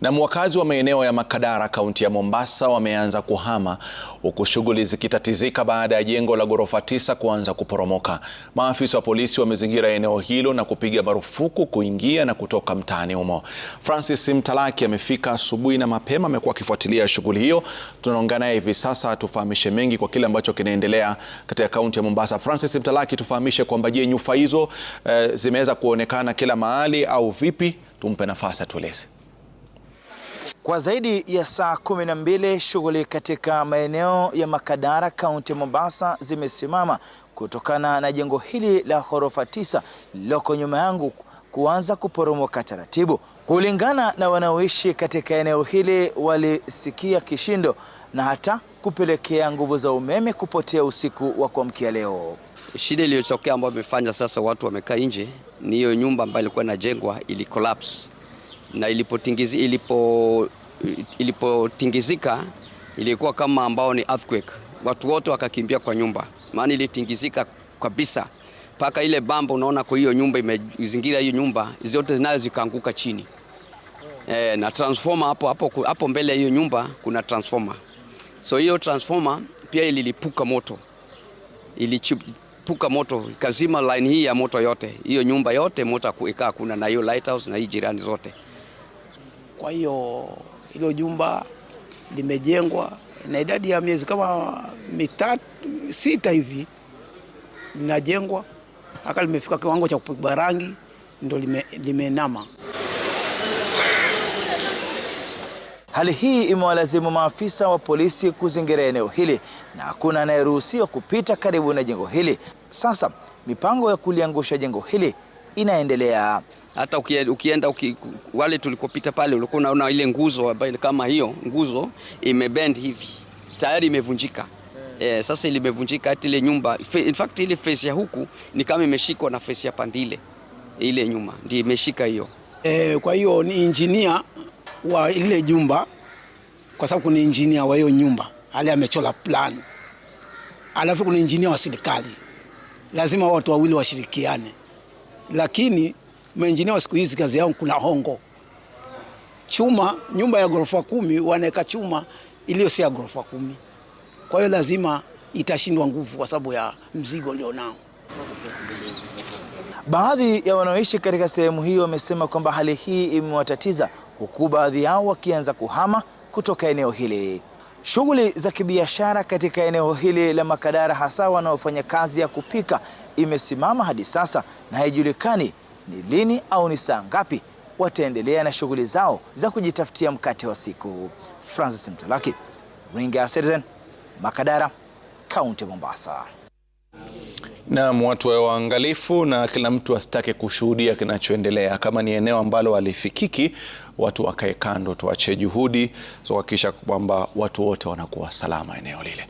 Na wakazi wa maeneo ya Makadara kaunti ya Mombasa wameanza kuhama huku shughuli zikitatizika baada ya jengo la ghorofa tisa kuanza kuporomoka. Maafisa wa polisi wamezingira eneo hilo na kupiga marufuku kuingia na kutoka mtaani humo. Francis Mtalaki amefika asubuhi na mapema, amekuwa akifuatilia shughuli hiyo. Tunaongea naye hivi sasa tufahamishe mengi kwa kile ambacho kinaendelea katika kaunti ya Mombasa. Francis Mtalaki, tufahamishe kwamba je, nyufa hizo eh, zimeweza kuonekana kila mahali au vipi? Tumpe nafasi atueleze. Kwa zaidi ya saa kumi na mbili shughuli katika maeneo ya Makadara kaunti Mombasa zimesimama kutokana na jengo hili la ghorofa tisa lililoko nyuma yangu kuanza kuporomoka taratibu. Kulingana na wanaoishi katika eneo hili, walisikia kishindo na hata kupelekea nguvu za umeme kupotea usiku wa kuamkia leo. Shida iliyotokea ambayo imefanya sasa watu wamekaa nje ni hiyo nyumba ambayo ilikuwa inajengwa ili collapse na ilipotingizika ilipo, ilipotingizika ilikuwa kama ambao ni earthquake, watu wote wakakimbia kwa nyumba, maana ilitingizika kabisa mpaka ile bamba unaona kwa hiyo nyumba imezingira hiyo nyumba zote nayo zikaanguka chini. E, na transformer hapo hapo hapo mbele ya hiyo nyumba kuna transformer. So hiyo transformer pia ililipuka moto. ilichipuka moto ikazima line hii ya moto yote. Hiyo nyumba yote moto ikaa kuna na hiyo lighthouse na hii jirani zote. Kwa hiyo hilo jumba limejengwa na idadi ya miezi kama mitatu sita hivi linajengwa, haka limefika kiwango cha kupigwa rangi, ndo limenama lime Hali hii imewalazimu maafisa wa polisi kuzingira eneo hili na hakuna anayeruhusiwa kupita karibu na jengo hili. Sasa mipango ya kuliangusha jengo hili inaendelea. Hata ukienda uki, wale tulikopita pale ulikuwa unaona ile nguzo ambayo kama hiyo nguzo imebend hivi tayari imevunjika. E, sasa limevunjika hata ile nyumba. In fact ile face ya huku ni kama imeshikwa na face ya pandile ile nyuma ndio imeshika hiyo. E, kwa hiyo ni injinia wa ile jumba, kwa sababu kuna injinia wa hiyo nyumba ale amechola plan, alafu kuna injinia wa serikali, lazima watu wawili washirikiane lakini maengineer wa siku hizi kazi yao kuna hongo chuma. Nyumba ya ghorofa kumi wanaweka chuma iliyo si ya ghorofa kumi, kwa hiyo lazima itashindwa nguvu kwa sababu ya mzigo ulionao. Baadhi ya wanaoishi katika sehemu hii wamesema kwamba hali hii imewatatiza, huku baadhi yao wakianza kuhama kutoka eneo hili. Shughuli za kibiashara katika eneo hili la Makadara, hasa wanaofanya kazi ya kupika, imesimama hadi sasa na haijulikani ni lini au ni saa ngapi wataendelea na shughuli zao za kujitafutia mkate wa siku. Francis Mtalaki, Ringa Citizen, Makadara, kaunti Mombasa. Naam, watu wawe waangalifu na kila mtu asitake kushuhudia kinachoendelea. Kama ni eneo ambalo walifikiki, watu wakae kando, tuache juhudi za so kuhakikisha kwamba watu wote wanakuwa salama eneo lile.